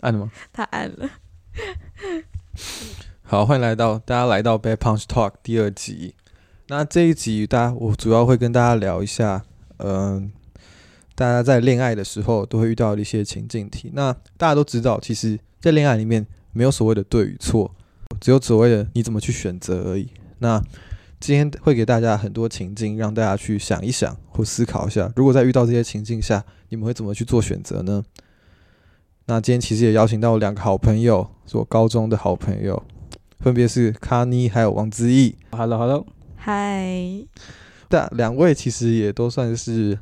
暗了嗎？太暗了。好，歡迎來到大家來到 Bad Punch Talk 第二集。那這一集，大家我主要會跟大家聊一下，嗯、呃，大家在戀愛的時候都會遇到的一些情境題。那大家都知道，其實，在戀愛裡面沒有所謂的對與錯，只有所謂的你怎麼去選擇而已。那今天會給大家很多情境，讓大家去想一想或思考一下，如果在遇到這些情境下，你們會怎麼去做選擇呢？那今天其實也邀請到兩個好朋友，是我高中的好朋友，分別是卡尼還有王子毅。Hello，Hello，嗨 hello。但兩位其實也都算是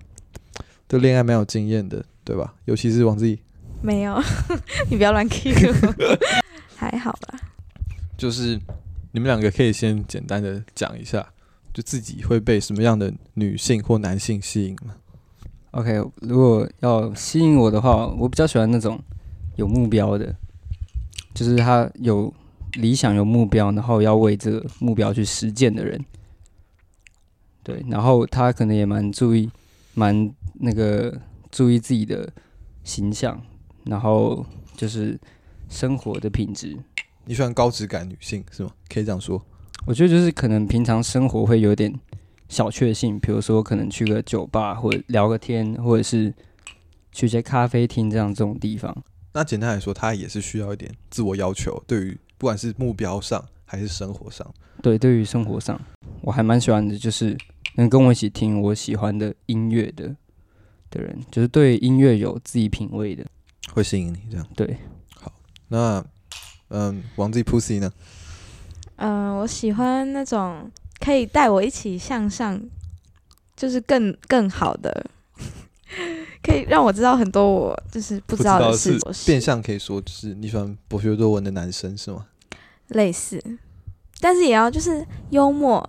對戀愛蠻有經驗的，對吧？尤其是王子毅。沒有， 你不要亂 Q， 還好吧。就是你們兩個可以先簡單的講一下，就自己會被什麼樣的女性或男性吸引嗎？OK，如果要吸引我的話，我比較喜歡那種。有目標的，就是他有理想、有目標，然後要為這個目標去實踐的人。對，然後他可能也蠻注意，蠻那個注意自己的形象，然後就是生活的品質。你喜歡高質感女性是嗎？可以這樣說。我覺得就是可能平常生活會有點小確幸，比如說可能去個酒吧，或者聊個天，或者是去一些咖啡廳這樣這種地方。那簡單來說，他也是需要一點自我要求，對於不管是目標上還是生活上。對，對於生活上，我還蠻喜歡的，就是能跟我一起聽我喜歡的音樂的的人，就是對音樂有自己品味的，會吸引你這樣。對，好，那嗯，王子 pussy 呢？嗯、呃，我喜歡那種可以帶我一起向上，就是更更好的。 可以讓我知道很多我就是不知道的事。變相可以說，就是你喜歡博學多聞的男生是嗎？類似，但是也要就是幽默，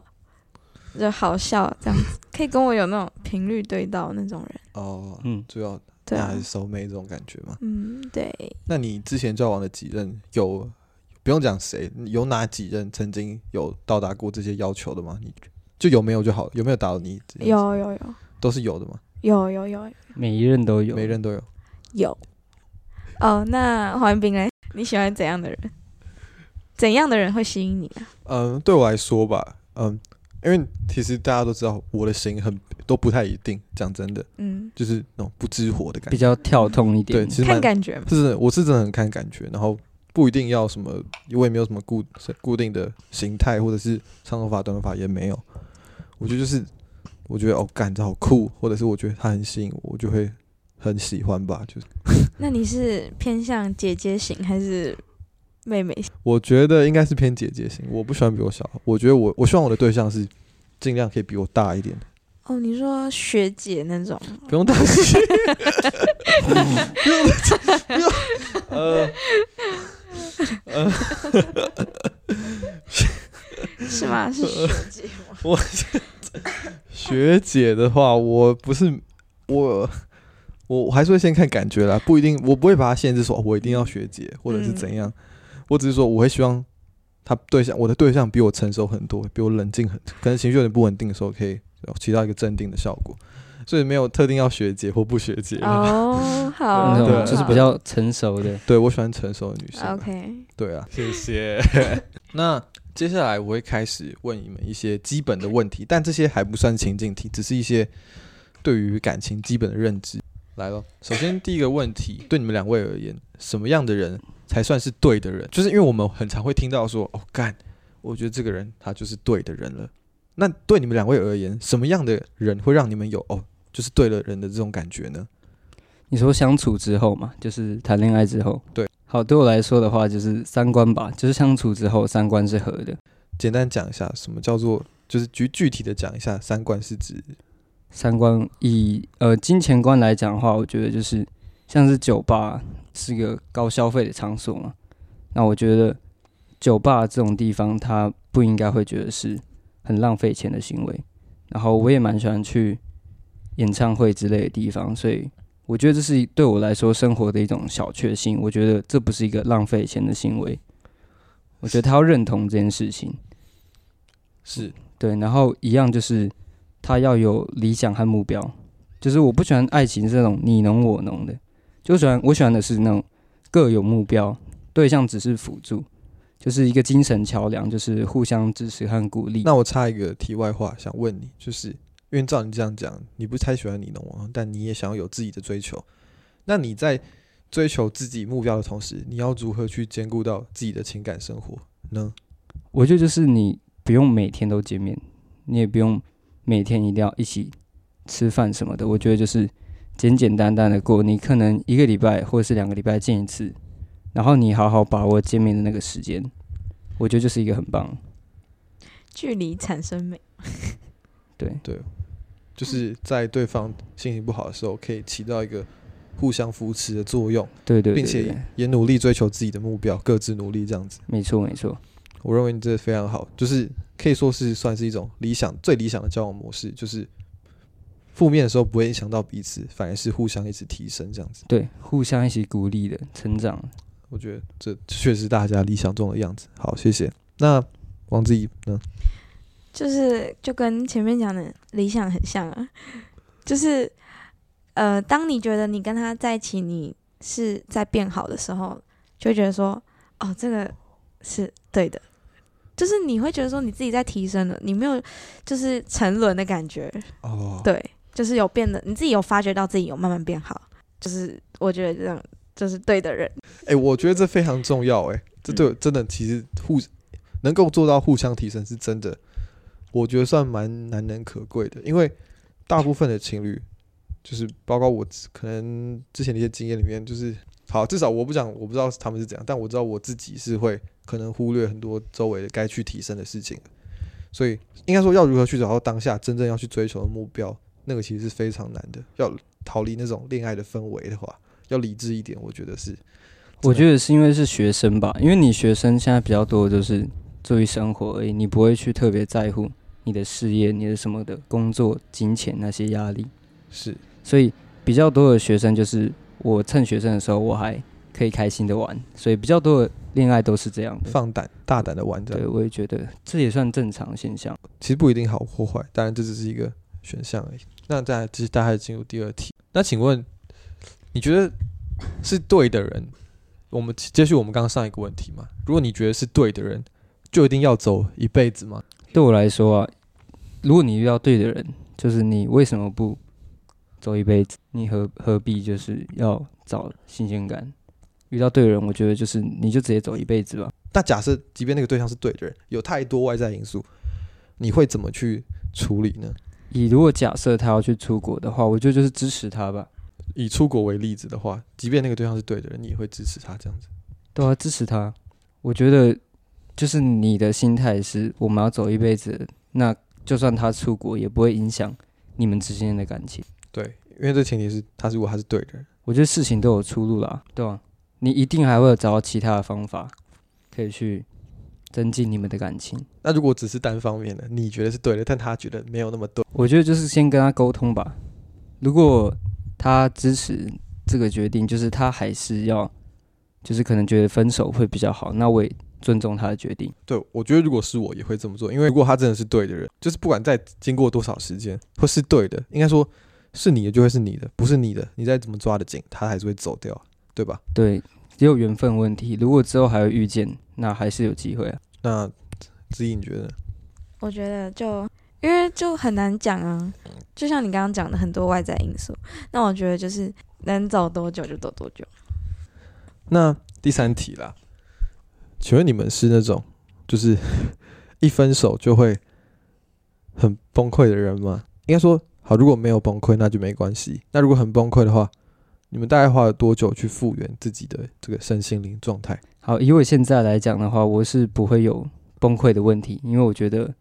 就好笑這樣子 可以跟我有那種頻率對到那種人哦。嗯，主要對，還是收妹這種感覺嘛。嗯，對。那你之前交往的幾任有不用講誰，有哪幾任曾經有到達過這些要求的嗎？你就有沒有就好，有沒有達到你？有有有，都是有的嗎？有有有，每一任都有，每一任都有。有，哦、oh,，那黃文斌，你喜歡怎樣的人？ 怎樣的人會吸引你？嗯，對我來說吧，嗯，因為其實大家都知道我的型很都不太一定，講真的，嗯，就是那種不知火的感覺，比較跳動一點。 對其實，看感覺，就是我是真的很看感覺，然後不一定要什麼，因為沒有什麼固固定的形態，或者是長頭髮、短頭髮也沒有，我覺得就是。我覺得哦，感覺好酷，或者是我覺得他很吸引我，我就會很喜歡吧。就是，那你是偏向姐姐型還是妹妹型？我覺得應該是偏姐姐型。我不喜歡比我小，我覺得我我希望我的對象是盡量可以比我大一點的。哦，你說學姐那種？不用擔心， 不用，呃，呃。 是嗎？是學姐嗎？ 學姐的話，我不是我，我還是會先看感覺啦，不一定，我不會把她限制說，我一定要學姐或者是怎樣。嗯、我只是說，我會希望他對象，我的對象比我成熟很多，比我冷靜很多，可能情緒有點不穩定的時候，可以有起到一個鎮定的效果。所以沒有特定要學姐或不學姐哦，好，對好，好對，就是比較成熟的。對，我喜歡成熟的女生。啊、OK，對啊，謝謝。 那。接下來我會開始問你們一些基本的問題，但這些還不算情境題，只是一些對於感情基本的認知。來咯，首先第一個問題，對你們兩位而言，什麼樣的人才算是對的人？就是因為我們很常會聽到說，哦，幹，我覺得這個人他就是對的人了。那對你們兩位而言，什麼樣的人會讓你們有哦，就是對的人的這種感覺呢？你說相處之後嘛，就是談戀愛之後，對。好，對我來說的話就是三觀吧，就是相處之後三觀是合的。簡單講一下，什麼叫做就是具具體的講一下三觀是指。三觀以呃金錢觀來講的話，我覺得就是像是酒吧是個高消費的場所嘛，那我覺得酒吧這種地方，它不應該會覺得是很浪費錢的行為。然後我也蠻喜歡去演唱會之類的地方，所以。我覺得這是對我來說生活的一種小確幸。我覺得這不是一個浪費錢的行為。我覺得他要認同這件事情，是對。然後一樣就是他要有理想和目標。就是我不喜歡愛情這種你儂我儂的，就喜歡我喜歡的是那種各有目標，對象只是輔助，就是一個精神橋樑，就是互相支持和鼓勵。那我插一個題外話，想問你，就是。因為照你這樣講，你不太喜歡你儂我儂，但你也想要有自己的追求。那你在追求自己目標的同時，你要如何去兼顧到自己的情感生活呢？我覺得就是你不用每天都見面，你也不用每天一定要一起吃飯什麼的。我覺得就是簡簡單單的過，你可能一個禮拜或者是兩個禮拜見一次，然後你好好把握見面的那個時間。我覺得就是一個很棒。距離產生美。對 對。對就是在對方心情不好的時候，可以起到一個互相扶持的作用。對對，對對，並且也努力追求自己的目標，各自努力這樣子。沒錯沒錯，我認為你這非常好，就是可以說是算是一種理想最理想的交往模式，就是負面的時候不會影響到彼此，反而是互相一起提升這樣子。對，互相一起鼓勵的成長，我覺得這確實大家理想中的樣子。好，謝謝。那王志怡呢？就是就跟前面講的理想很像啊，就是呃，當你覺得你跟他在一起，你是在變好的時候，就會覺得說哦，這個是對的，就是你會覺得說你自己在提升了，你沒有就是沉淪的感覺哦，oh. 對，就是有變得你自己有發覺到自己有慢慢變好，就是我覺得這樣就是對的人。哎、欸，我覺得這非常重要哎、欸，這就、嗯、真的其實互能夠做到互相提升是真的。我覺得算蠻難能可貴的，因為大部分的情侶，就是包括我可能之前的一些經驗裡面，就是好，至少我不講，我不知道他們是怎樣，但我知道我自己是會可能忽略很多周圍的該去提升的事情。所以應該說，要如何去找到當下真正要去追求的目標，那個其實是非常難的。要逃離那種戀愛的氛圍的話，要理智一點，我覺得是。我覺得是因為是學生吧，因為你學生現在比較多就是注意生活而已，你不會去特別在乎。你的事業，你的什麼的工作、金錢那些壓力，是，所以比較多的學生就是，我趁學生的時候，我還可以開心的玩，所以比較多的戀愛都是這樣，放膽大膽的玩這樣子。對，我也覺得這也算正常現象。其實不一定好或壞，當然這只是一個選項而已。那再來就是大概進入第二題。那請問，你覺得是對的人，我們接續我們剛剛上一個問題嗎？如果你覺得是對的人，就一定要走一輩子嗎？對我來說啊。如果你遇到對的人，就是你為什麼不走一輩子？你何何必就是要找新鮮感？遇到對的人，我覺得就是你就直接走一輩子吧。但假設即便那個對象是對的人，有太多外在因素，你會怎麼去處理呢？以如果假設他要去出國的話，我覺得就是支持他吧。以出國為例子的話，即便那個對象是對的人，你也會支持他這樣子。都要支持他。我覺得就是你的心態是我們要走一輩子，那。就算他出國，也不會影響你們之間的感情。對，因為這前提是他如果他是對的。我覺得事情都有出路啦，對吧？你一定還會有找到其他的方法，可以去增進你們的感情。那如果只是單方面的，你覺得是對的，但他覺得沒有那麼對。我覺得就是先跟他溝通吧。如果他支持這個決定，就是他還是要，就是可能覺得分手會比較好。那我也尊重他的決定。對，我覺得如果是我也會這麼做，因為如果他真的是對的人，就是不管再經過多少時間，或是對的，應該說是你的就會是你的，不是你的，你再怎麼抓得緊，他還是會走掉，對吧？對，只有緣分問題。如果之後還會遇見，那還是有機會啊。那子怡你覺得？我覺得就因為就很難講啊，就像你剛剛講的很多外在因素。那我覺得就是能走多久就走多久。那第三題啦。請問你們是那種就是一分手就會很崩潰的人嗎？應該說好，如果沒有崩潰那就沒關係。那如果很崩潰的話，你們大概花了多久去復原自己的這個身心靈狀態？好，以我現在來講的話，我是不會有崩潰的問題，因為我覺得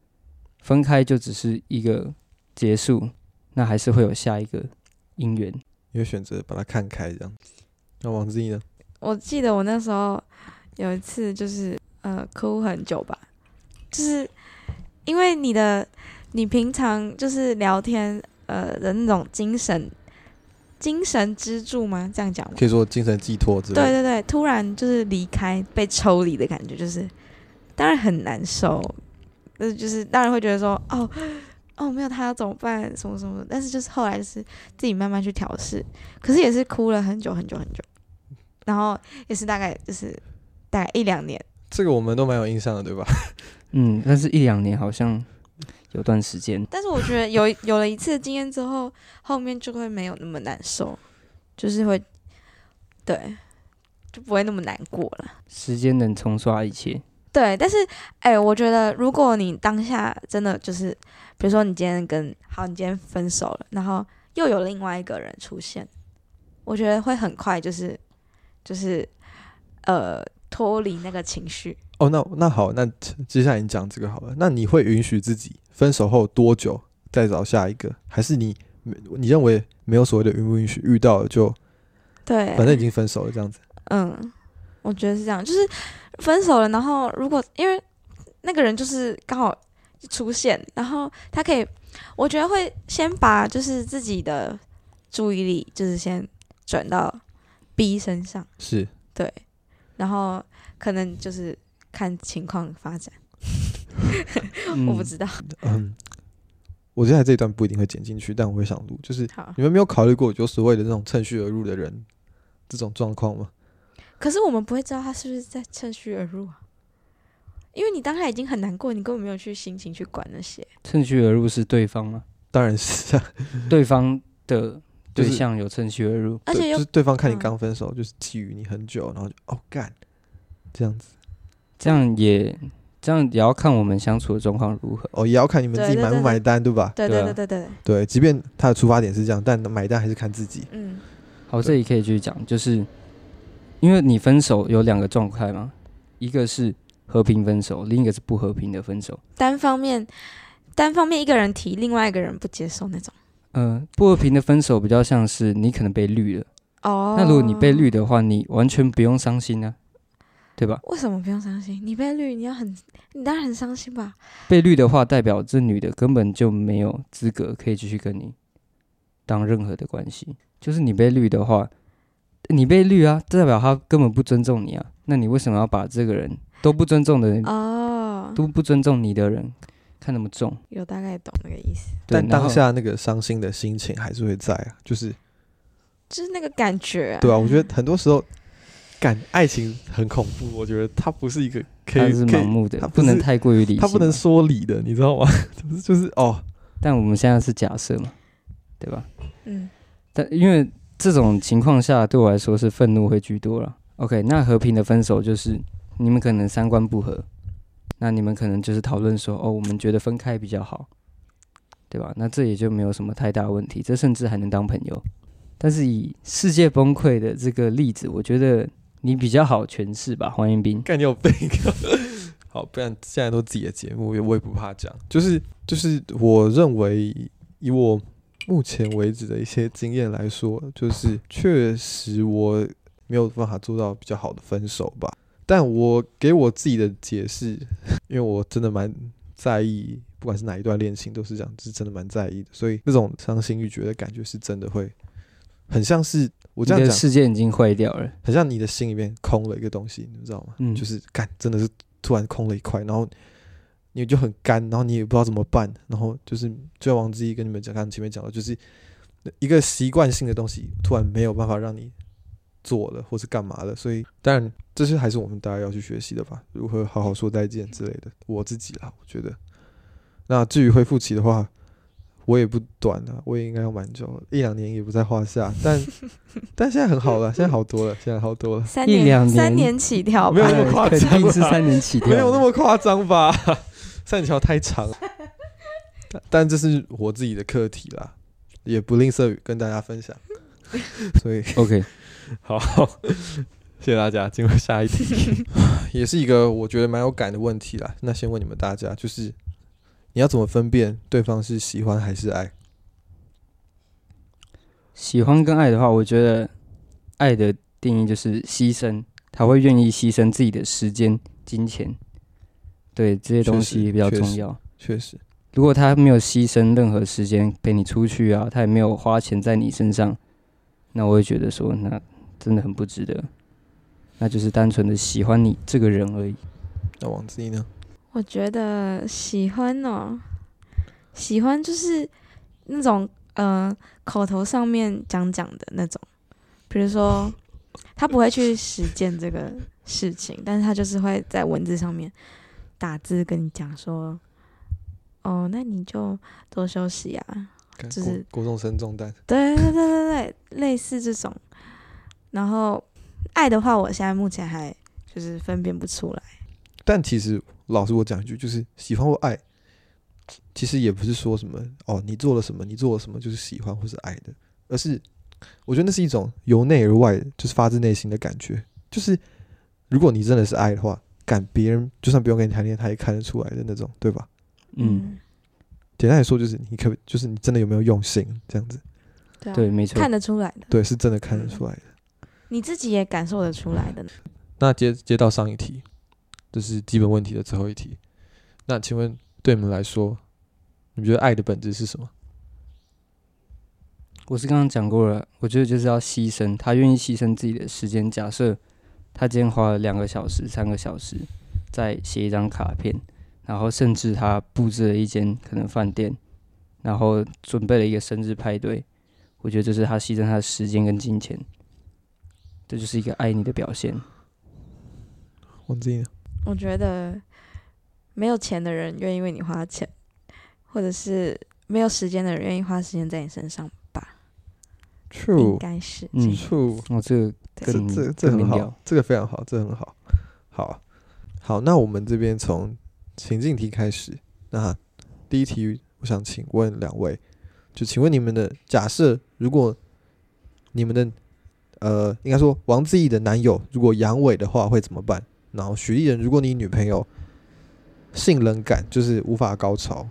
分開就只是一個結束，那還是會有下一個姻緣，你會選擇把它看開這樣子。那王志呢？我記得我那時候。有一次就是呃哭很久吧，就是因為你的你平常就是聊天呃的那種精神精神支柱嗎？這樣講可以說精神寄托之類對對對，突然就是離開被抽離的感覺，就是當然很難受，呃就是當然會覺得說哦哦沒有他要怎麼辦什麼什麼，但是就是後來就是自己慢慢去調適，可是也是哭了很久很久很久，然後也是大概就是。大概一兩年，這個我們都蠻有印象的，對吧？嗯，但是一兩年，好像有段時間。 但是我覺得有有了一次經驗之後，後面就會沒有那麼難受，就是會對就不會那麼難過了。時間能沖刷一切，對。但是，哎、欸，我覺得如果你當下真的就是，比如說你今天跟好，你今天分手了，然後又有另外一個人出現，我覺得會很快，就是，就是就是呃。脫離那個情緒哦，oh, 那那好，那接下來你講這個好了。那你會允許自己分手後多久再找下一個？還是你你認為沒有所謂的允不允許？遇到了就對，反正已經分手了，這樣子。嗯，我覺得是這樣，就是分手了，然後如果因為那個人就是剛好出現，然後他可以，我覺得會先把就是自己的注意力就是先轉到 B 身上，是，對。然後可能就是看情況發展， 我不知道。嗯，嗯，我覺得這段不一定會剪進去，但我會想錄。就是你們沒有考慮過有所謂的這種趁虛而入的人這種狀況嗎？可是我們不會知道他是不是在趁虛而入啊，因為你當下已經很難過，你根本沒有去心情去管那些。趁虛而入是對方嗎？當然是啊、嗯，對方的。對象有趁虛而入。對，而且，就是對方看你剛分手，哦、就是覬覦你很久，然後就哦幹，這樣子，這樣也這樣也要看我們相處的狀況如何。哦，也要看你們自己買不買單，對，對，對，對，對吧？對對對對對，對，對，即便他的出發點是這樣，但買單還是看自己。嗯，對好，這裡可以繼續講，就是因為你分手有兩個狀態嘛，一個是和平分手，另一個是不和平的分手，單方面單方面一個人提，另外一個人不接受那種。嗯、呃，不和平的分手比較像是你可能被綠了哦。Oh. 那如果你被綠的話，你完全不用傷心啊，對吧？為什麼不用傷心？你被綠，你要很，你當然很傷心吧？被綠的話，代表這女的根本就沒有資格可以繼續跟你當任何的關係。就是你被綠的話，你被綠啊，代表她根本不尊重你啊。那你為什麼要把這個人都不尊重的人、oh. 都不尊重你的人？看那麼重，有大概懂那個意思。但當下那個傷心的心情還是會在啊，就是，就是那個感覺啊。對啊，我覺得很多時候感愛情很恐怖，我覺得它不是一個可以，它是盲目的，它不能太過於理，它不能說理的，理的嗯，你知道嗎？就是哦，但我們現在是假設嘛，對吧？嗯。但因為這種情況下，對我來說是憤怒會居多了。OK，那和平的分手就是你們可能三觀不合。那你們可能就是討論說，哦，我們覺得分開比較好，對吧？那這也就沒有什麼太大問題，這甚至還能當朋友。但是以世界崩潰的這個例子，我覺得你比較好詮釋吧，黃彥斌。看你有備課， 好，不然現在都自己的節目，我也不怕講。就是就是，我認為以，以我目前為止的一些經驗來說，就是確實我沒有辦法做到比較好的分手吧。但我給我自己的解釋，因為我真的蠻在意，不管是哪一段戀情，都是這樣，就是真的蠻在意的。所以那種傷心欲絕的感覺，是真的會很像是我這樣講，你的世界已經壞掉了，很像你的心裡面空了一個東西，你知道嗎？嗯，就是幹，真的是突然空了一塊，然後你就很幹，然後你也不知道怎麼辦，然後就是就像忘記跟你們講，剛前面講的，就是一個習慣性的東西，突然沒有辦法讓你。做的或是幹嘛的，所以當然這些還是我們大家要去學習的吧，如何好好說再見之類的。我自己啦，我覺得。那至於恢復期的話，我也不短了，我也應該要蠻久了，一兩年也不在話下。 但但現在很好了，現在好多了， 現在好多了。三年，三年起跳，沒有那麼誇張吧。肯定是三年起跳，沒有那麼誇張吧？ 三年跳太長了 但。但這是我自己的課題啦，也不吝嗇於跟大家分享。所以 ，OK。好，好，謝謝大家。進入下一題， 也是一個我覺得蠻有感的問題啦。那先問你們大家，就是你要怎麼分辨對方是喜歡還是愛？喜歡跟愛的話，我覺得愛的定義就是犧牲，他會願意犧牲自己的時間、金錢，對這些東西也比較重要。確實，確實，確實，如果他沒有犧牲任何時間陪你出去啊，他也沒有花錢在你身上，那我會覺得說那。真的很不值得，那就是單純的喜歡你這個人而已。那王志呢？我覺得喜歡哦，喜歡就是那種呃口頭上面講講的那種，比如說他不會去實踐這個事情， 但是他就是會在文字上面打字跟你講說：“哦，那你就多休息啊。Okay, ”就是過重身重擔，對對對對對， 類似這種。然後，愛的話，我現在目前還就是分辨不出來。但其實，老實我講一句，就是喜歡或愛，其實也不是說什麼哦，你做了什麼，你做了什麼就是喜歡或是愛的，而是我覺得那是一種由內而外，就是發自內心的感覺。就是如果你真的是愛的話，敢別人就算不用跟你談戀愛，他也看得出來的那種，對吧？嗯。簡單來說，就是你可就是你真的有沒有用心這樣子？對啊，對，沒錯，看得出來的，對，是真的看得出來的。嗯你自己也感受得出來的、嗯。那接接到上一題，這、就是基本問題的最後一題。那請問，對你們來說，你覺得愛的本質是什麼？我是剛剛講過了，我覺得就是要犧牲。他願意犧牲自己的時間，假設他今天花了兩個小時、三個小時在寫一張卡片，然後甚至他布置了一間可能飯店，然後準備了一個生日派對，我覺得這是他犧牲他的時間跟金錢。這就是一個愛你的表現。我自己呢？我覺得沒有錢的人願意為你花錢，或者是沒有時間的人願意花時間在你身上吧。True，應該是、這個。嗯，True。哦，這個這這這很好，這個非常好，這很好。好，好，那我們這邊從情境題開始。那第一題，我想請問兩位，就請問你們的假設，如果你們的。呃，應該說王志毅，的男友如果陽痿的話會怎麼辦？然後徐藝人，如果你女朋友性冷感就是無法高潮，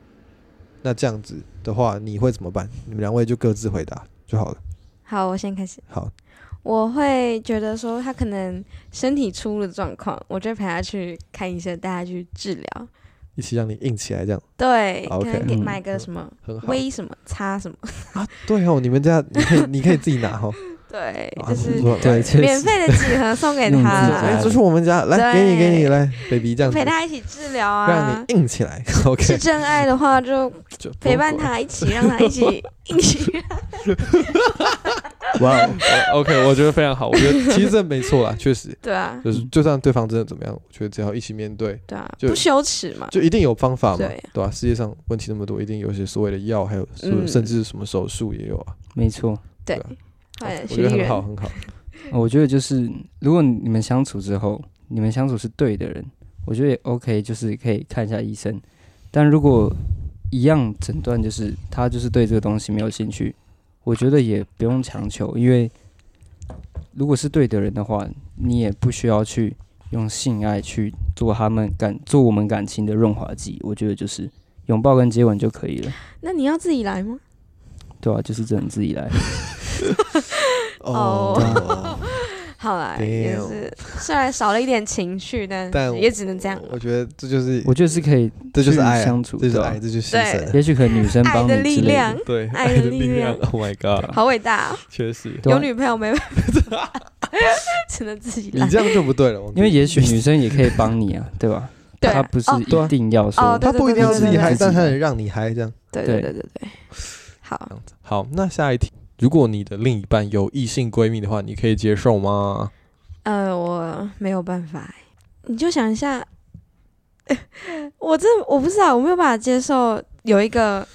那這樣子的話你會怎麼辦？你們兩位就各自回答就好了。好，我先開始。好，我會覺得說他可能身體出了狀況，我就陪他去看醫生，帶他去治療，一起讓你硬起來這樣。對，okay, 可能給、嗯、買個什麼威什麼，擦什麼啊？對哦，你們家，你可以自己拿哦。 對、啊，就是免費的幾盒送給他，這是我們家，來給你給你來，baby 這樣子陪他一起治療啊，讓你硬起來。OK，是真愛的話就陪伴他一起，讓他一起 硬起來。哇、 wow oh,，OK，我覺得非常好，我覺得其實這沒錯啊，確 實，對啊，就是就算對方真的怎麼樣，我覺得只要一起面對，對啊，就不羞恥嘛，就一定有方法嘛，對吧、啊？世界上問題那麼多，一定有些所謂的藥，還有所、嗯、甚至是什麼手術也有啊，沒錯，對、啊。我覺得很好，很好 啊。我覺得就是，如果你們相處之後，你們相處是對的人，我覺得也 OK，就是可以看一下醫生。但如果一樣診斷，就是他就是對這個東西沒有興趣，我覺得也不用強求，因為如果是對的人的話，你也不需要去用性愛去做他們感做我們感情的潤滑劑。我覺得就是擁抱跟接吻就可以了。那你要自己來嗎？對啊，就是只能自己來。 哦、 oh, oh, oh, 好了，也是雖然少了一點情趣，但但也只能這樣。我覺得這就是， 我覺得是可以，這就是愛相、啊、處，這種愛，這就是對。也許可能女生幫的，的，的力量，對，愛的力量。Oh my god，對好偉大、喔，確實有女朋友沒？辦法、啊，只能自己。你這樣就不對了，因為也許女生也可以幫你啊， 啊，啊，對吧？她 不是一定要說，她不一定自己嗨，但她能讓你嗨，這樣。對對對對，對，對好， 好，那下一題。如果你的另一半有異性閨蜜的話，你可以接受嗎？呃，我沒有辦法。你就想一下， 我這我不知道，我沒有辦法接受有一個，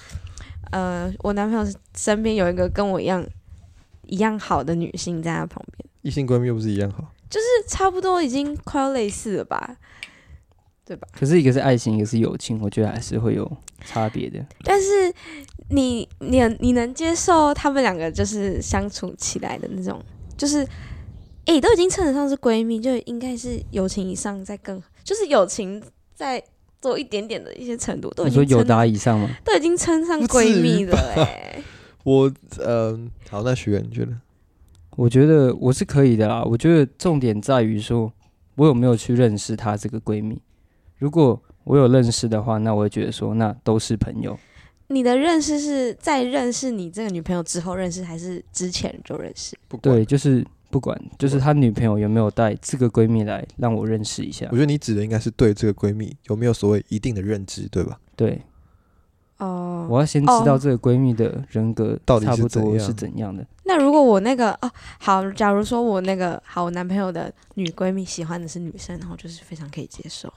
呃，我男朋友身邊有一個跟我一樣一樣好的女性在他旁邊。異性閨蜜又不是一樣好，就是差不多已經快要類似了吧，對吧？可是一個是愛情，一個是友情，我覺得還是會有差別的。但是。你你能你能接受他們兩個就是相處起來的那種，就是哎、欸、都已經稱得上是閨蜜，就應該是友情以上再更，就是友情再多一點點的一些程度都已經，你說友達以上嗎？都已經稱上閨蜜了，哎、欸。我呃，好，那許願你覺得？我覺得我是可以的啦。我覺得重點在於說，我有沒有去認識她這個閨蜜。如果我有認識的話，那我會覺得說，那都是朋友。你的認識是在認識你這個女朋友之後認識，還是之前就認識？不管，對，就是不管，就是他女朋友有沒有帶這個閨蜜來讓我認識一下。我覺得你指的應該是對這個閨蜜有沒有所謂一定的認知，對吧？對，哦，我要先知道這個閨蜜的人格到底差不多是怎樣的。樣那如果我那個哦好，假如說我那個好，我男朋友的女閨蜜喜歡的是女生，然後就是非常可以接受。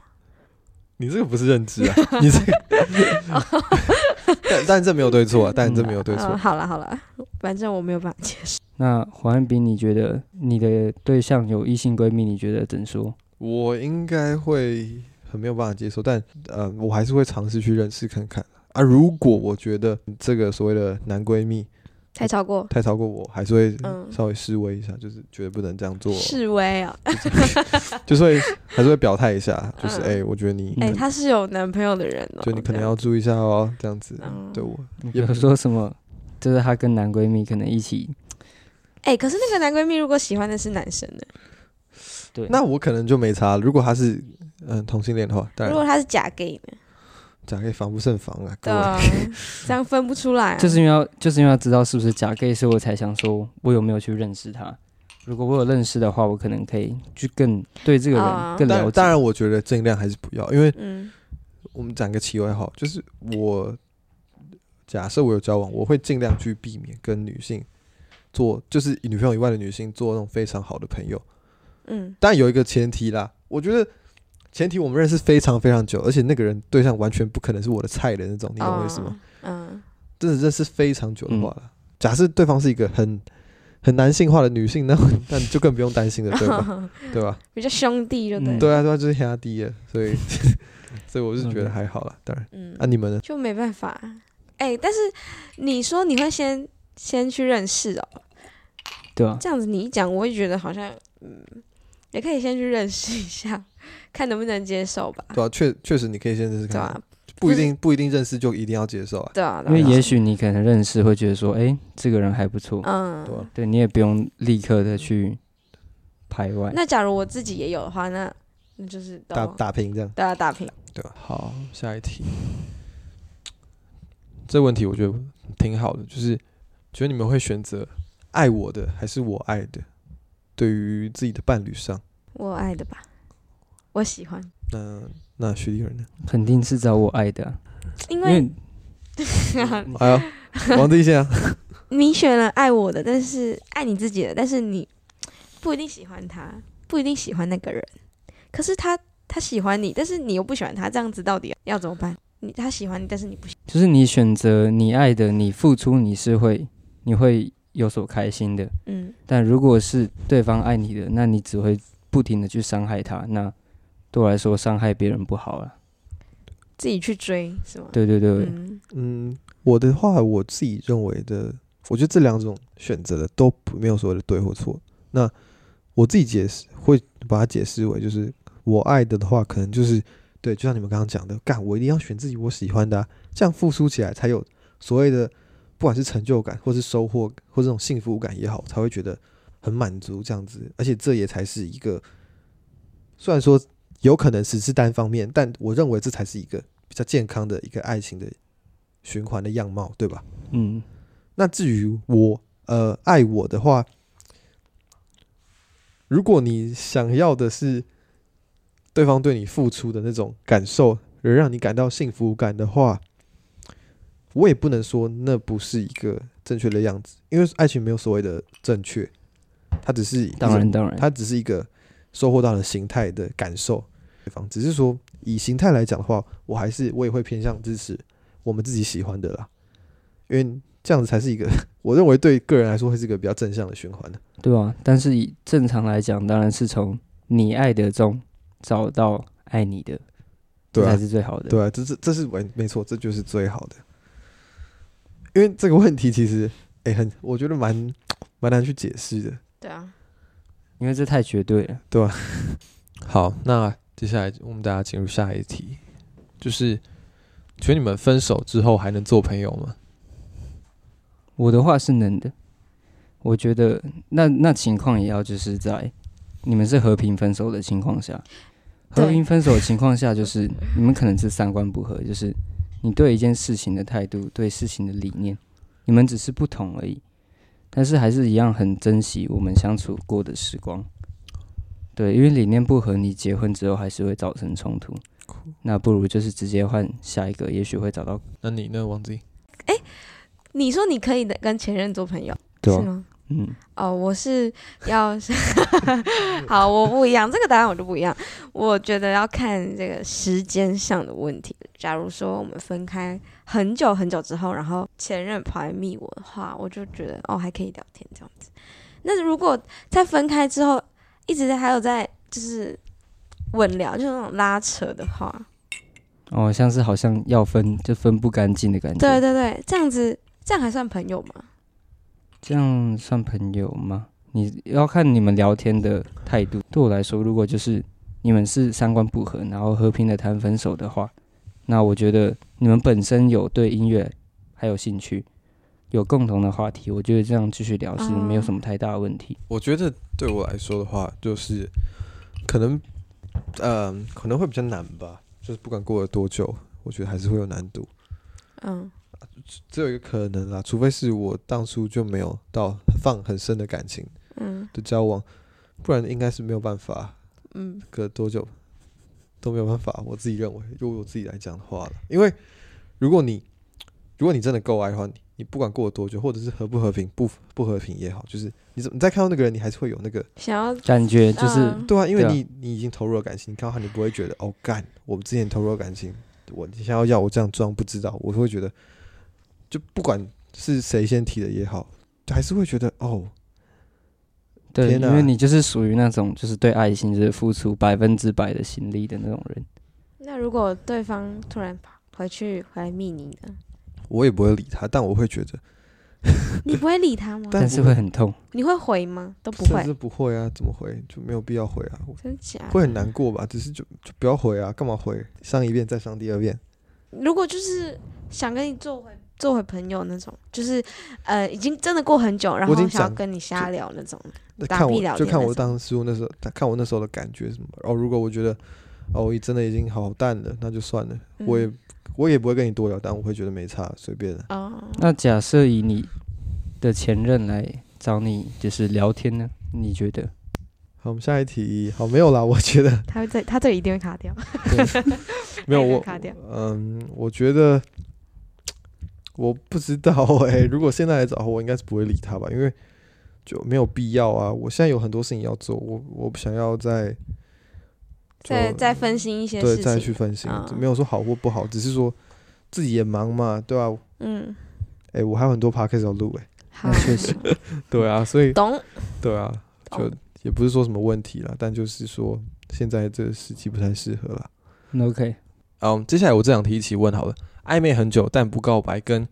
你這個不是認知啊，你這個。。 但但這沒有對錯，但這沒有對錯、 嗯啊。好了好了，反正我沒有辦法解釋。 那黃安斌，你覺得你的對象有異性閨蜜，你覺得怎麼說？我應該會很沒有辦法接受，但呃，我還是會嘗試去認識看看啊。如果我覺得這個所謂的男閨蜜。太超過，太超過我，我還是會稍微示威一下，嗯、就是絕對不能這樣做、哦。示威啊，就，就會 還是會表態一下，就是哎、嗯欸，我覺得你哎、嗯欸，他是有男朋友的人、哦，所以你可能要注意一下哦，這樣子。樣子樣子嗯、對我有說什麼？ 就是他跟男閨蜜可能一起。哎、欸，可是那個男閨蜜如果喜歡的是男生呢？對，那我可能就沒差。如果他是嗯同性戀的話，當然如果他是假 gay 呢？假 gay 防不勝防啊！對，各位，這樣分不出來啊。 就是因為要就是因為要知道是不是假 gay，所以我才想說，我有沒有去認識他？如果我有認識的話，我可能可以去更對這個人更了解。哦。當然，當然我覺得盡量還是不要，因為嗯，我們講個奇怪號，就是我假設我有交往，我會盡量去避免跟女性做，就是女朋友以外的女性做那種非常好的朋友。嗯，但有一個前提啦，我覺得。前提我們認識非常非常久，而且那個人對象完全不可能是我的菜的那種，你懂為什麼、哦？嗯，真的認識非常久的話、嗯、假設對方是一個很很男性化的女性那，那、嗯、那就更不用擔心了，對吧、哦？對吧？比較兄弟就對了、嗯。對啊，對啊，就是兄弟，所以、嗯、所以我是覺得還好了、嗯。當然，嗯，那你們呢？就沒辦法。哎、欸，但是你說你會先先去認識哦、喔？對啊。這樣子你一講，我也覺得好像，嗯，也可以先去認識一下。看能不能接受吧。對啊，確確實你可以先試試看。對啊，不一定不一定認識就一定要接受啊。對啊，對啊因為也許你可能認識會覺得說，哎、欸，這個人還不錯。嗯對、啊，對，你也不用立刻的去排外。那假如我自己也有的話，那那就是打打平這樣，啊、大家打平。對、啊，好，下一題。 這問題我覺得挺好的，就是覺得你們會選擇愛我的還是我愛的？對於自己的伴侶上，我愛的吧。我喜歡。那那徐地人呢？肯定是找我愛的，啊，因為啊、 哎，王隊先啊， 你選了愛我的，但是愛你自己的，但是你不一定喜歡他，不一定喜歡那個人。可是他他喜歡你，但是你又不喜歡他，這樣子到底要怎麼辦？你他喜歡你，但是你不，喜歡。就是你選擇你愛的，你付出你是會你會有所開心的，嗯。但如果是對方愛你的，那你只會不停地去傷害他，那。對我來說，傷害別人不好了、啊。自己去追是嗎？對對對，嗯，嗯，我的話，我自己認為的，我覺得這兩種選擇的都沒有所謂的對或錯。那我自己解釋，會把它解釋為，就是我愛的的話，可能就是、嗯、對，就像你們剛剛講的，幹，我一定要選自己我喜歡的、啊，這樣付出起來才有所謂的不管是成就感，或是收穫，或是這種幸福感也好，才會覺得很滿足，這樣子。而且這也才是一個，雖然說。有可能只是單方面，但我認為，這才是一個比較健康的一個愛情的循環的樣貌，對吧？嗯。那至於我，呃，愛我的話，如果你想要的是對方對你付出的那種感受，而讓你感到幸福感的話，我也不能說那不是一個正確的樣子，因為愛情沒有所謂的正確，它只是當然當然，它只是一個。收穫到了形態的感受，對方只是說以形態來講的話，我還是我也會偏向支持我們自己喜歡的啦，因為這樣子才是一個我認為對個人來說會是一個比較正向的循環的，對啊，但是以正常來講，當然是從你愛的中找到愛你的，對啊，這才是最好的。對啊，這是這，這是沒沒錯，這就是最好的。因為這個問題其實誒、欸，很，我覺得蠻蠻難去解釋的。對啊。因為這太絕對了。對，好，那接下來我們大家進入下一題，就是：請你們分手之後還能做朋友嗎？我的話是能的，我覺得那那情況也要就是在你們是和平分手的情況下，和平分手的情況下，就是你們可能是三觀不合，就是你對一件事情的態度、對事情的理念，你們只是不同而已。但是還是一樣很珍惜我們相處過的時光，對，因為理念不合，你結婚之後還是會造成衝突，Cool. 那不如就是直接換下一個，也許會找到。那你呢，王子，哎，你說你可以的跟前任做朋友。對啊，是嗎？嗯，哦，我是要 好，我不一樣， 這個答案我就不一樣，我覺得要看這個時間上的問題。假如說我們分開。很久很久之後，然後前任跑來密我的話，我就覺得哦，還可以聊天這樣子。那如果在分開之後，一直還有在就是穩聊，就那種拉扯的話，哦，像是好像要分就分不乾淨的感覺。對對對，這樣子這樣還算朋友嗎？這樣算朋友嗎？你要看你們聊天的態度。對我來說，如果就是你們是三觀不合，然後和平的談分手的話，那我覺得。你們本身有對音樂還有興趣，有共同的話題，我覺得這樣繼續聊是沒有什麼太大的問題。Uh -huh. 我覺得對我來說的話，就是可能，嗯、呃，可能會比較難吧。就是不管過了多久，我覺得還是會有難度。嗯、uh -huh.，只有一個可能啦，除非是我當初就沒有到放很深的感情，嗯，的交往，uh -huh. 不然應該是沒有辦法。嗯、uh -huh.，隔多久？都沒有辦法，我自己認為，如果我自己來講的話，因為如果你，如果你真的夠愛的話，你，你不管過了多久，或者是和不和平、不，不和平也好，就是你，你再看到那個人，你還是會有那個想要感覺，就是、呃、對啊，因為你，你已經投入了感情，你看到他，你不會覺得哦，幹，我們之前投入了感情，我，你想要，要我這樣裝不知道，我會覺得，就不管是誰先提的也好，還是會覺得哦。對、啊，因為你就是屬於那種就是對愛情就是付出百分之百的心力的那種人。那如果對方突然跑回去回來密你呢？我也不會理他，但我會覺得你不會理他嗎？ 但是會很痛會。你會回嗎？都不會，不會啊，怎麼回？就沒有必要回啊，真假的會很難過吧？只、就是就就不要回啊，幹嘛回？上一遍再上第二遍。如果就是想跟你做回。做回朋友那種，就是，呃，已經真的過很久，然後我想要跟你瞎聊，那種，聊那種。看我，就看我當初那時候，看我那時候的感覺什麼。然、哦、後如果我覺得，哦，我真的已經好淡了，那就算了、嗯，我也，我也不會跟你多聊，但我會覺得沒差，隨便的。哦、嗯。那假設以你的前任來找你，就是聊天呢，你覺得？好，我們下一題。好，沒有啦，我覺得他這。他這他這裡一定會卡掉。 沒有我 卡掉。嗯，我覺得。我不知道哎、欸，如果現在來找我，我應該是不會理他吧，因為就沒有必要啊。我現在有很多事情要做，我我不想要再再再分心一些事情，對再去分心，哦、沒有說好或不好，只是說自己也忙嘛，對吧、啊？嗯，哎、欸，我還有很多 podcast 要錄哎、欸，好、嗯，確、就、實、是， 對啊，所以懂，對啊，就也不是說什麼問題了，但就是說現在這個時期不太適合了，OK。嗯、um，接下來我這兩題一起問好了。曖昧很久但不告白，跟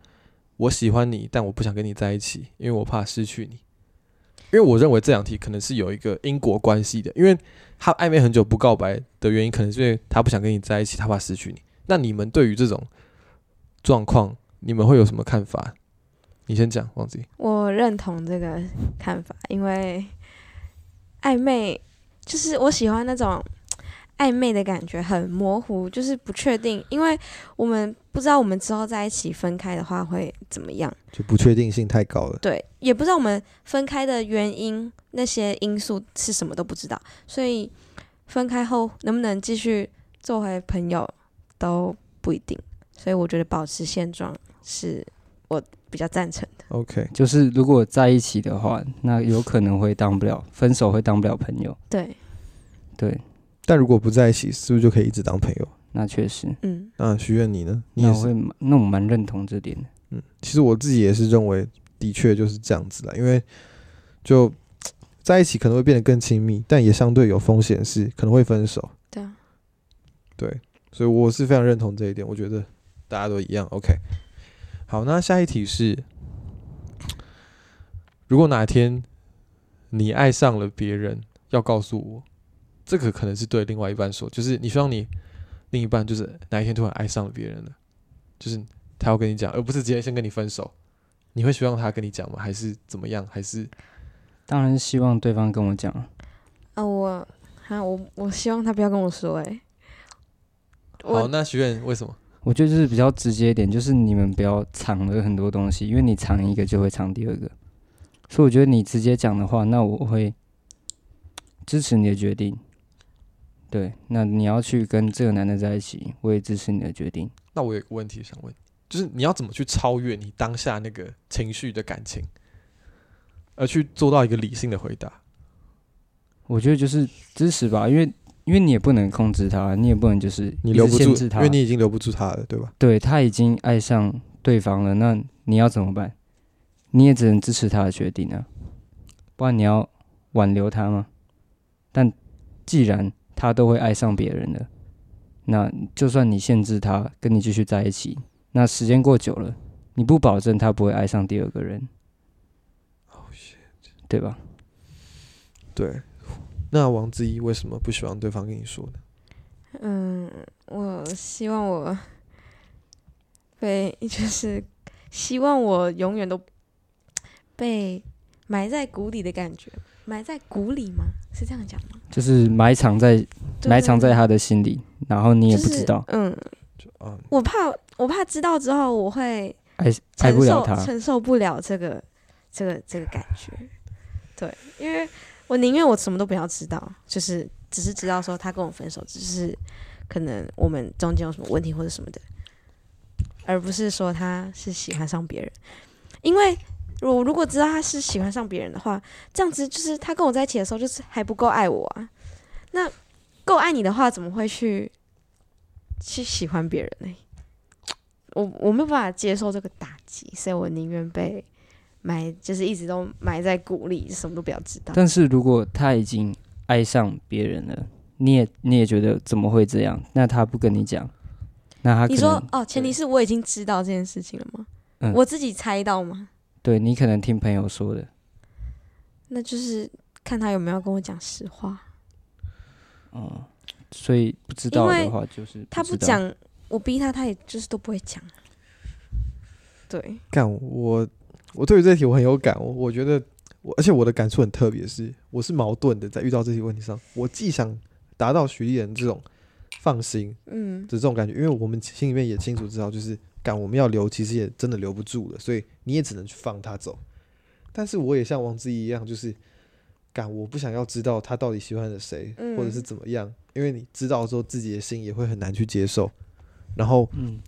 我喜歡你但我不想跟你在一起，因為我怕失去你。因為我認為這兩題可能是有一個因果關係的，因為他曖昧很久不告白的原因，可能是因為他不想跟你在一起，他怕失去你。那你們對於這種狀況，你們會有什麼看法？你先講，王子怡。我認同這個看法，因為曖昧就是我喜歡那種。曖昧的感覺很模糊，就是不確定，因為我們不知道我們之後在一起分開的話會怎麼樣，就不確定性太高了。對，也不知道我們分開的原因，那些因素是什麼都不知道，所以分開後能不能繼續做回朋友都不一定。所以我覺得保持現狀是我比較贊成的。OK，就是如果在一起的話，那有可能會當不了，分手會當不了朋友。對，對。但如果不在一起，是不是就可以一直當朋友？那確實，嗯。那許願你呢？你也是，那我那蠻認同這點的。嗯，其實我自己也是認為，的確就是這樣子啦。因為就在一起可能會變得更親密，但也相對有風險是，是可能會分手。對啊。對，所以我是非常認同這一點。我覺得大家都一樣。OK。好，那下一題是：如果哪天你愛上了別人，要告訴我。這個可能是對另外一半說，就是你希望你另一半就是哪一天突然愛上了別人了，就是他要跟你講，而不是直接先跟你分手，你會希望他跟你講嗎？還是怎麼樣？還是當然是希望對方跟我講啊，我還我我希望他不要跟我說、欸，誒。哦，那許願為什麼？我覺得就是比較直接一點，就是你們不要藏了很多東西，因為你藏一個就會藏第二個，所以我覺得你直接講的話，那我會支持你的決定。對，那你要去跟這個男的在一起，我也支持你的決定。那我有個問題想問，就是你要怎麼去超越你當下那個情緒的感情，而去做到一個理性的回答？我覺得就是支持吧，因為因為你也不能控制他，你也不能就是你留不住他，因為你已經留不住他了，對吧？對，他已經愛上對方了，那你要怎麼辦？你也只能支持他的決定啊，不然你要挽留他嗎？但既然他都會愛上別人的，那就算你限制他跟你繼續在一起，那時間過久了，你不保證他不會愛上第二個人，好、oh, shit，對吧？對，那王子一為什麼不喜歡對方跟你說呢？嗯，我希望我被就是希望我永遠都被埋在谷底的感覺。埋在鼓裡嗎？是這樣講嗎？就是埋藏在，埋藏在他的心裡對對，然後你也不知道、就是。嗯，我怕，我怕知道之後我會承受，愛不了他，承受不了這個，這個，這個感覺。對，因為我寧願我什麼都不要知道，就是只是知道說他跟我分手，只是可能我們中間有什麼問題或者什麼的，而不是說他是喜歡上別人，因為。我如果知道他是喜歡上別人的話，這樣子就是他跟我在一起的時候就是還不夠愛我啊。那夠愛你的話，怎麼會去去喜歡別人呢？我我沒有辦法接受這個打擊，所以我寧願被埋，就是一直都埋在鼓裡，什麼都不要知道。但是，如果他已經愛上別人了，你也你也覺得怎麼會這樣？那他不跟你講，那他你說哦，前提是我已經知道這件事情了嗎？嗯，我自己猜到嗎？對，你可能聽朋友說的，那就是看他有沒有跟我講實話。嗯，所以不知道的話就是不他不講，我逼他，他也就是都不會講。對，幹，我我對於這題我很有感，我我覺得我而且我的感觸很特別，是我是矛盾的，在遇到這些問題上，我既想達到徐藝人這種放心，嗯，的這種感覺，嗯，因為我們心裡面也清楚知道，就是幹我們要留，其實也真的留不住了，所以。你也只能去放他走，但是我也像王子一樣，就是敢我不想要知道他到底喜歡的誰、嗯，或者是怎麼樣，因為你知道的時候，自己的心也會很難去接受。然後，嗯、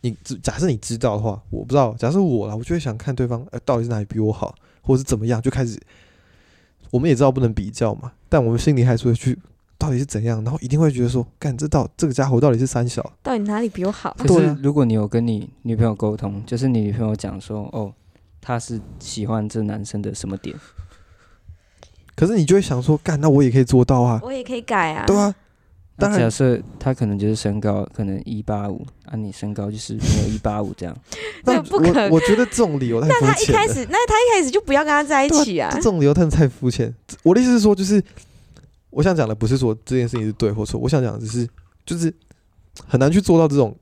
你假設你知道的話，我不知道。假設我了，我就會想看對方、呃，到底是哪裡比我好，或者是怎麼樣，就開始。我們也知道不能比較嘛，但我們心裡還是會去。到底是怎樣？然後一定會覺得說，幹，這到這個家伙到底是三小，到底哪裡比我好啊？對。如果你有跟你女朋友溝通，就是你女朋友講說，哦，他是喜歡這男生的什麼點？可是你就會想說，幹，那我也可以做到啊，我也可以改啊。對啊，當然假設他可能就是身高，可能一八五，啊，你身高就是沒有一八五這樣， 那不可能那我，我覺得這種理由太 那他一開始，那他一開始就不要跟他在一起啊，啊這種理由太太膚淺。我意思是說，就是。我想講的不是說這件事情是對或錯，我想講的只是就是很難去做到這種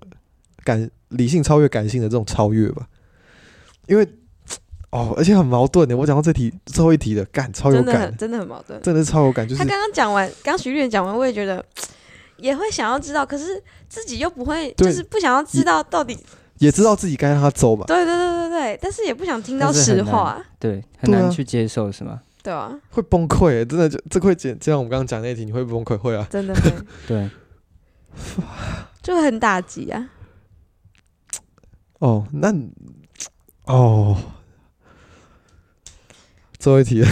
感理性超越感性的這種超越吧，因為哦，而且很矛盾的。我講到這題最後一題的幹超有感的真的很，真的很矛盾，真的是超有感。就是他剛剛講完，剛徐律講完，我也覺得也會想要知道，可是自己又不會，就是不想要知道到底，也知道自己該讓他走吧。對對對對對，但是也不想聽到實話，啊，對，很難去接受是嗎？對啊，會崩潰、欸，真的就這會接，就像我們剛剛講那一題，你會崩潰，會啊，真的會， 對， 就很打擊啊。哦、oh,，那、oh、哦，最後一題了，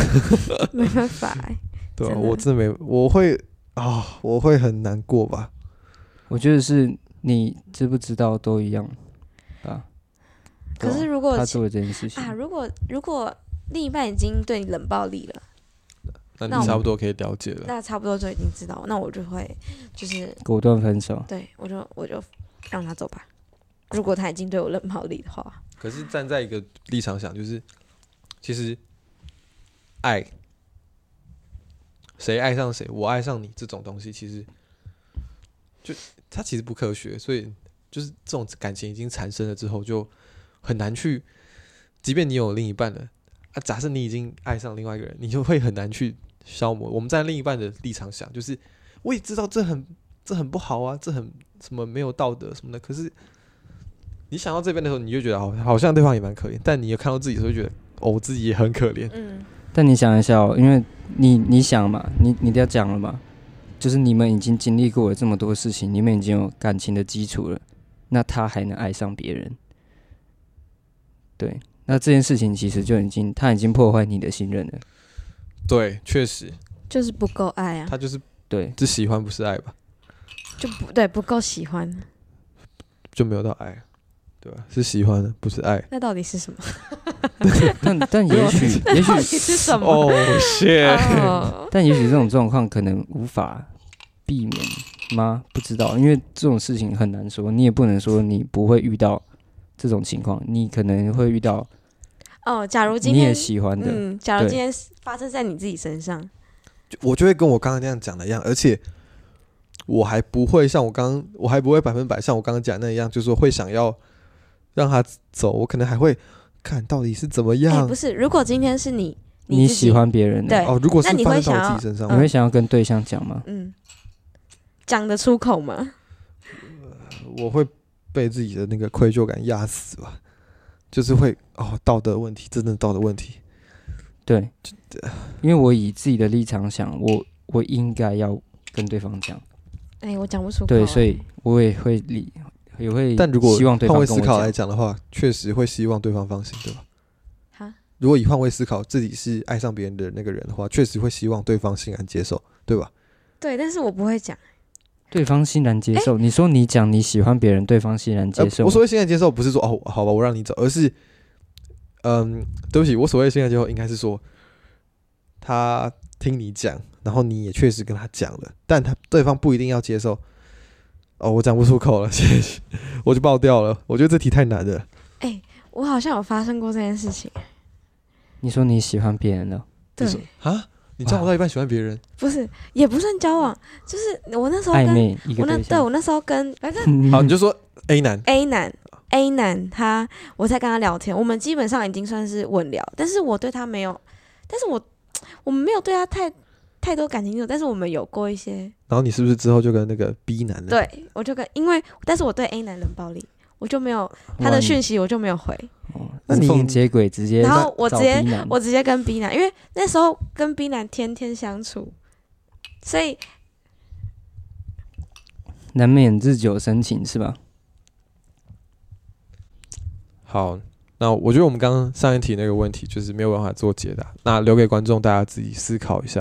沒辦法、欸，對啊，我真的沒，我會啊，oh, 我會很難過吧。我覺得是你知不知道都一樣啊。可是如果他做這件事情啊，如果如果。另一半已經對你冷暴力了，那你差不多可以了解了。那，那差不多就已經知道，那我就會就是果斷分手。對，我就我就讓他走吧。如果他已經對我冷暴力的話，可是站在一個立場想，就是其實愛誰愛上誰，我愛上你這種東西，其實就他其實不科學，所以就是這種感情已經產生了之後，就很難去，即便你有另一半了。假設你已經愛上另外一個人，你就會很難去消磨。我們在另一半的立場想，就是我也知道這很這很不好啊，這很什麼沒有道德什麼的。可是你想到這邊的時候，你就覺得好像好像對方也蠻可憐。但你有看到自己的時候，覺得哦，我自己也很可憐。嗯。但你想一下哦，因為你你想嘛，你你都要講了嘛，就是你們已經經歷過了這麼多事情，你們已經有感情的基礎了，那他還能愛上別人？對。那這件事情其實就已經，他已經破壞你的信任了。對，確實，就是不夠愛啊。他就是對，是喜歡不是愛吧？就不對，不夠喜歡，就沒有到愛，對吧？是喜歡不是愛？那到底是什麼？ 但但也許也許是什麼？哦天！ 但也許這種狀況可能無法避免嗎？不知道，因為這種事情很難說。你也不能說你不會遇到這種情況，你可能會遇到。哦，假如今天你也喜歡的，嗯，假如今天發生在你自己身上，我就會跟我剛剛那樣講的一樣，而且我還不會像我剛剛我還不會百分百像我剛剛講的那樣，就是我會想要讓他走，我可能還會看到底是怎麼樣。欸，不是，如果今天是你你，你喜歡別人對哦，如果是發生在自己身上你、嗯，你會想要跟對象講嗎？嗯，講得出口嗎、呃？我會被自己的那個愧疚感壓死吧。就是會哦，道德問題，真的道德問題。對，因為我以自己的立場想，我我應該要跟對方講。哎、欸，我講不出口、欸。對，所以我也會理，也會。但如果換位思考來講的話，確實會希望對方放心，對吧？哈？如果以換位思考，自己是愛上別人的那個人的話，確實會希望對方欣然接受，對吧？對，但是我不會講。對方欣然接受、欸，你說你講你喜歡別人，對方欣然接受、呃。我所謂欣然接受不是說哦，好吧，我讓你走，而是嗯，對不起，我所謂欣然接受應該是說他聽你講，然後你也確實跟他講了，但他對方不一定要接受。哦，我講不出口了，謝謝，我就爆掉了。我覺得這題太難了。哎、欸，我好像有發生過這件事情。你說你喜歡別人了、喔？對啊。你交往到一半喜歡別人，不是也不算交往，就是我那時候跟我那對，對，我那時候跟反正 好，你就說 A 男 A 男 A 男他，我在跟他聊天，我們基本上已經算是穩聊，但是我對他沒有，但是我我們沒有對他太太多感情用，但是我們有，有過一些。然後你是不是之後就跟那個 B 男的？對，我就跟因為，但是我對 A 男冷暴力。我就沒有他的訊息，我就沒有回。哦、嗯，那你接軌直接，然後我直接我直接跟 B 男，因為那時候跟 B 男天天相處，所以難免日久生情是吧？好，那我覺得我們剛剛上一題那個問題就是沒有辦法做解答，那留給觀眾大家自己思考一下，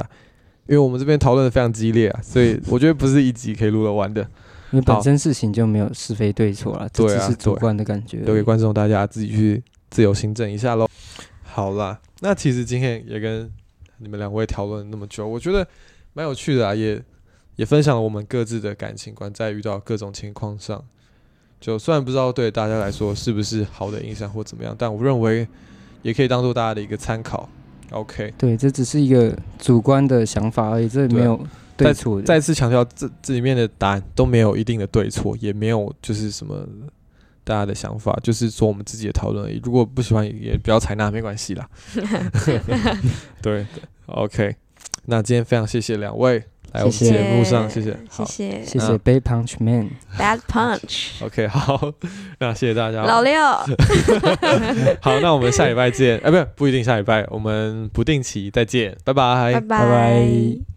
因為我們這邊討論的非常激烈啊，所以我覺得不是一集可以錄得完的。 因為本身事情就沒有是非對錯了，這只是主觀的感覺，留、啊、給觀眾大家自己去自由行政一下嘍。好啦，那其實今天也跟你們兩位討論了那麼久，我覺得蠻有趣的啊，也也分享了我們各自的感情觀，在遇到各種情況上，就雖然不知道對大家來說是不是好的影響或怎麼樣，但我認為也可以當做大家的一個參考。OK，對，這只是一個主觀的想法而已，這沒有、啊。再再次強調，這這裡面的答案都沒有一定的對錯，也沒有就是什麼大家的想法，就是說我們自己的討論而已。如果不喜歡，也不要採納，沒關係啦。 對，OK。那今天非常謝謝兩位來謝謝我們節目上，謝謝，謝謝，謝謝、啊。Bad Punch Man，Bad Punch 。OK，好，那謝謝大家。老六 。 好，那我們下禮拜見。哎，不是，不一定下禮拜，我們不定期再見。拜拜，拜拜。Bye bye